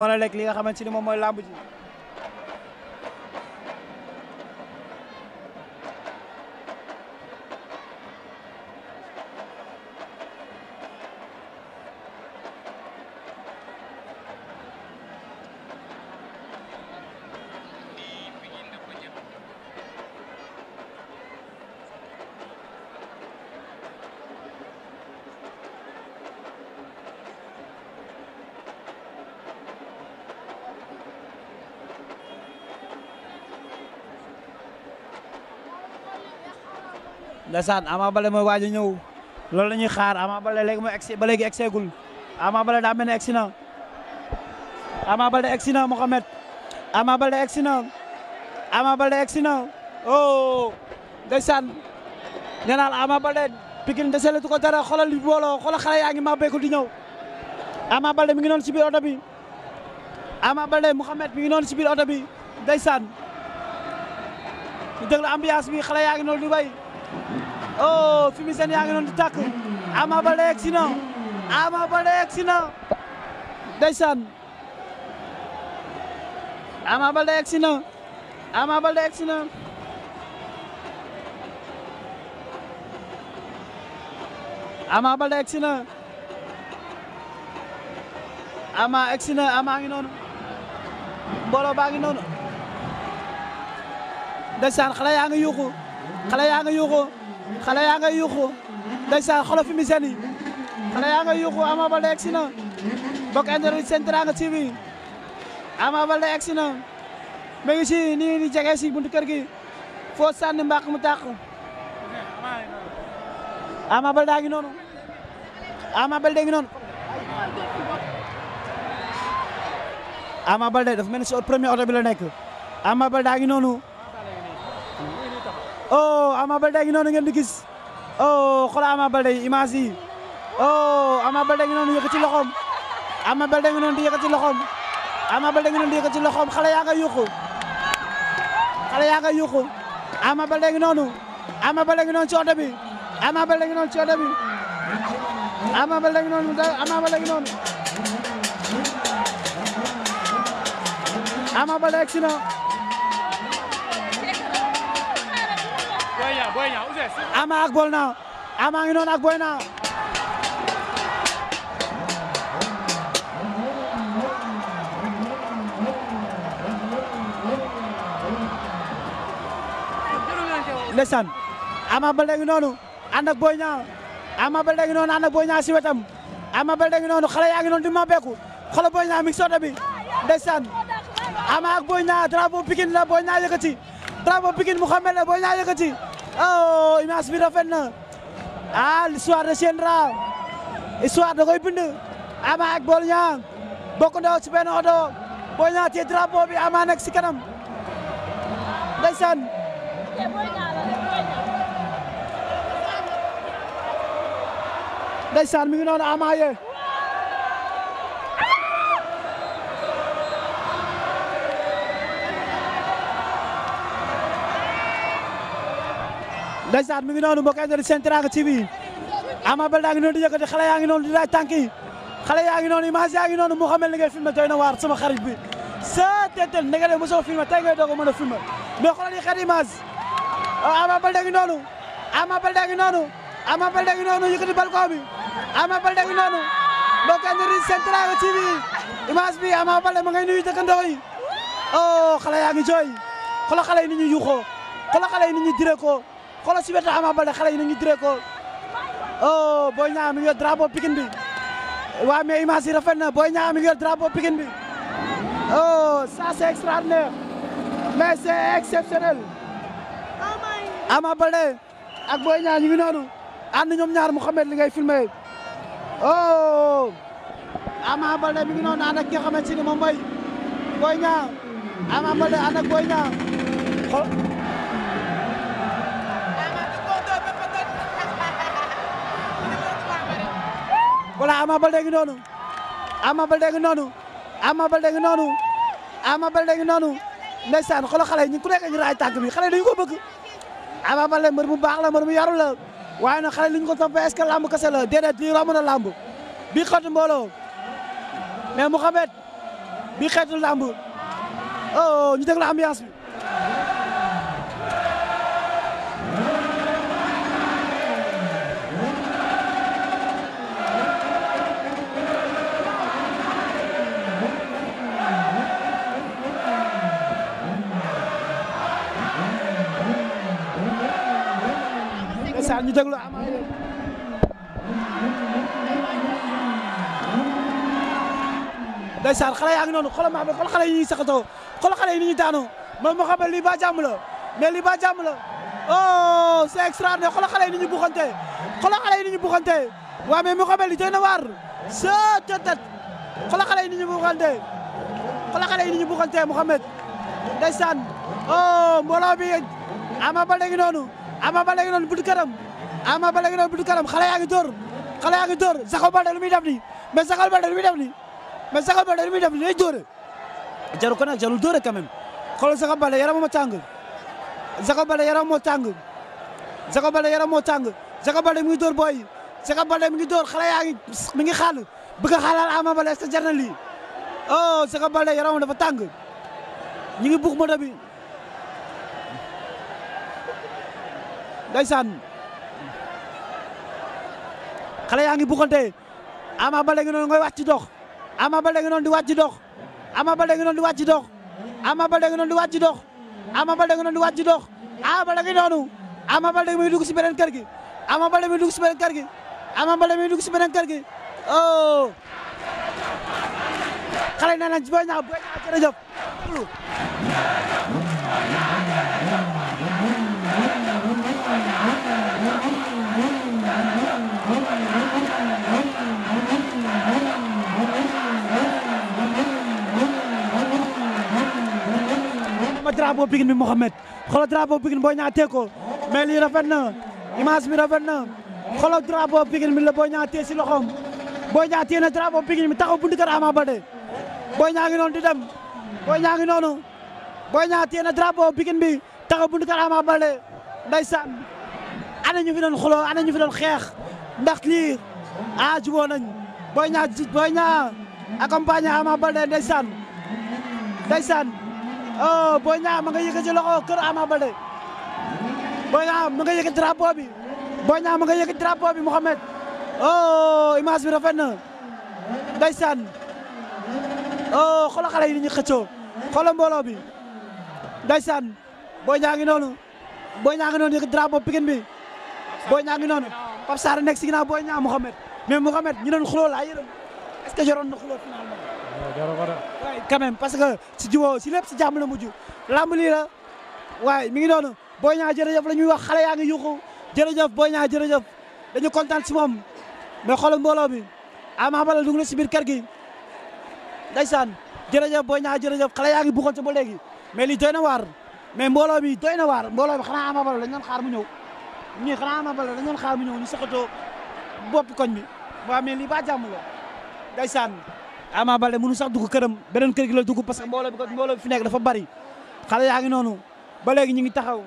moo la lekk li nga xamante ni moom mooy làmb ji ndeysaan Ama Baldé mooy waaj a ñëw loolu la ñuy xaar Ama Baldé léegi mooy egsi ba léegi egseegul Ama Baldé daa mel Ama Baldé egsi Mohamed Ama Baldé egsi Ama Baldé egsi na oh ndeysaan Ama Baldé Pikine deselatu ko dara xoolal li booloo xoolal xale yaa ngi di ñëw Ama Baldé mi ngi noonu si biir oto bi Ama Baldé Mohamed mi ngi noonu si biir oto bi ndeysaan ñu déglu oh fi mu seen yaa ngi doon di tàkk Ama Baldé yegg si na Ama Baldé yegg si na ndeysaan Ama Baldé yegg si na Ama Baldé yegg si na Ama Baldé yegg si na ngi noonu mbooloo baa ngi da ndeysaan xale yaa ngi yuuxu xale yaa nga yuuxu xale yuuxu ndeysaan xolo fi mi seen yi xale yaa yuuxu Ama Baldé egsi na bokk internet Sen Teranga Ama Baldé egsi na mi ngi si si buntu kër gi foo sànni mbaq mu tàq Ama Baldé daa ngi noonu Ama Baldé ngi Ama Baldé dafa mel ni si premier oto nekk Ama Baldé daa noonu oh Ama Baldé ngi noonu ngeen di gis oh xoolal Ama Baldé image yi oh Ama Baldé ngi noonu yëkkati loxoom Ama Baldé ngi noonu di yëkkati loxoom Ama Baldé ngi noonu di yëkkati loxoom xale yaa nga yuuxu xale yaa nga yuuxu Ama Baldé ngi noonu Ama Baldé ngi noonu ci oto bi Ama Baldé ngi noonu ci oto bi Ama Baldé ngi noonu Ama Baldé ngi noonu Ama Baldé egsi na Ama ak Boy Niang Ama ngi noonu ak Boy Niang ndeysaan Ama Baldé ngi noonu ànd ak Boy Niang Ama Baldé ngi noonu ànd Boy Niang si wetam Ama Baldé ngi noonu xale yaa ngi noonu di mabbeeku xoolal Boy Niang mi ngi sotti bi ndeysaan Ama Boy Niang drapeau Pikine la Boy Niang yëkkati drapeau Pikine Mouhamed la Boy Niang oh image bi rafet na ah l'histoire retiendra histoire da koy bind Ama ak Boy Niang bokk ndaw ci benn oto Boy Niang ci drapeau bi Ama nekk ci kanam ndeysaan ndeysaan mi ngi noonu Ama ye ndeysaan mi ngi noonu mbokk yi seen Teranga TV Ama Baldé a ngi noonu di yëkkati xale yaa ngi noonu di laaj tànk yi xale yaa ngi noonu image yaa ngi noonu mu xamel ni ngay filmé doy na waar sama xarit bi sa tentel na nga def mosoo filmé tey ngay doog a mën a filmé mais xoolal yi xet image ah, Ama Baldé a ngi noonu Ama Baldé a ngi noonu Ama Baldé a ngi noonu yëkkati balcon bi Ama Baldé a ngi noonu mbokk yi seen Teranga TV image bi Ama Baldé ma ngay nuyu dëkkandoo yi oh xale yaa ngi jooy xoolal xale yi ni ñu yuuxoo xoolal xale yi ni ñu dire ko xoolal si wetu Ama Baldé xale yi nañu diree ko oh Boy Niang mi ngi yor drapeau Pikine bi waaw mais image yi rafet na Boy Niang ngi yor drapeau Pikine bi oh ça c'est extraordinaire mais c'est Ama Baldé ak Boy Niang noonu ànd ñoom ñaar Mouhamed li ngay filmé oh Ama Baldé mi noonu ànd ki nga xamante ni moom mooy Ama Baldé ànd ak voilà Ama Baldé ngi noonu Ama Baldé ngi noonu Ama Baldé ngi noonu Ama ngi noonu ndeysaan xoolal xale yi ñu ku nekk ngi raay tànk bi xale yi dañu ko bëgg Ama Baldé mbër mu baax la mbër mu la waaye nag xale li ñu ko toppee est-ce que lamb kese la déedéet lii romb na lamb bii xeetu mbooloo mais Mouhamed bii xeetu lamb oh ñu déglu ambiance bi. ndeysaan ñu déglu Ama ndeysaan xale yaa ngi noonu xoolal ma xam xool xale yi ñuy saxatoo xool xale yi ni ñuy daanoo man ma xam ne lii ba jàmm la mais lii ba jàmm la oh c'est extraordinaire xoolal xale yi ni ñu buxante xoolal xale yi ni ñu buxante waaw mais ma oh, bi Ama Baldé ngi Ama Baldé ngi noonu buntu këram Ama Baldé ngi noonu buntu këram xale yaa ngi dóor xale yaa ngi dóor Saxal Baldé lu muy def nii mais Saxal Baldé lu muy def nii mais Saxal Baldé lu muy def nii day dóore jaru ko nag jarul dóore quand même xoolal Saxal Baldé yaram moo tàng Saxal Baldé yaram moo tàng Saxal Baldé yaram moo tàng Saxal Baldé mi ngi dóor booy Saxal Baldé mi ngi dóor xale yaa ngi mi ngi xaal bëgg a xaalal Ama Baldé est-ce que jar na lii oh Saxal Baldé yaram dafa tàng ñu ngi buux moto bi ndeysaan xale yaa ngi bukkante Ama Baldé ngi noonu ngay wàcc dox Ama Baldé ngi noonu di wàcc dox Ama Baldé ngi noonu di wàcc dox Ama Baldé ngi noonu di wàcc dox Ama Baldé ngi noonu di wàcc dox Ama Baldé ngi noonu Ama Baldé muy dugg si beneen kër gi Ama Baldé muy dugg si beneen kër gi Ama Baldé muy dugg si beneen kër gi oh xale yi nee nañ ci booy drapeau Pikine bi Mouhamed xoolal drapeau Pikine Boy Niang tee ko mais lii rafet na image bi rafet na xoolal drapeau Pikine bi la Boy Niang tee si loxoom Boy Niang tee na drapeau bi taxaw buntu kër Ama Baldé Boy Niang ngi noonu di dem Boy Niang ngi noonu Boy Niang tee na drapeau Pikine bi taxaw buntu kër Ama Baldé ndeysaan ana ñu fi doon xuloo ana ñu fi doon xeex ndax lii ah juboo nañ Boy Niang Boy Niang accompagné Ama Baldé ndeysaan ndeysaan Oh, Boy Niang ma nga yëkkati loxo kër Ama Baldé Boy Niang ma nga yëkkati drapeau bi Boy Niang ma nga yëkkati drapeau bi Mouhamed oh image bi rafet na ndeysaan oh xoolal xale yi ni ñu xëccoo xoolal mbooloo bi ndeysaan Boy Niang ngi noonu Boy Niang ngi noonu yëkkati drapeau Pikine bi Boy Niang ngi noonu Pape Sarr nekk naa ginnaaw Boy Niang Mouhamed mais Mouhamed ñu doon xuloo laa yërëm que yoroon na jaru ko de. parce que si jiwoo si lépp si jàmm la mujj làmb lii la waaye mi ngi doon Boy Niang jërëjëf la ñuy wax xale yaa ngi yuuxu jërëjëf Boy Niang jërëjëf dañu kontaan si moom mais xoolal mbooloo mi Ama Baldé dugg na si biir kër gi ndeysaan jërëjëf Boy Niang jërëjëf xale yaa ngi buxoon si ba léegi mais lii doy na waar mais mbooloo mi doy na waar mbooloo mi xanaa Ama Baldé dañu doon xaar mu ñëw ñii xanaa Ama Baldé dañu doon xaar mu ñëw ñu soxatoo boppi koñ bi waaw mais lii ba jàmm la ndeysaan Ama Baldé mënu sax dugg këram beneen kër gi la dugg parce que mbooloo bi ko mbooloo bi fi nekk dafa bari xale yaa ngi noonu ba léegi ñu ngi taxaw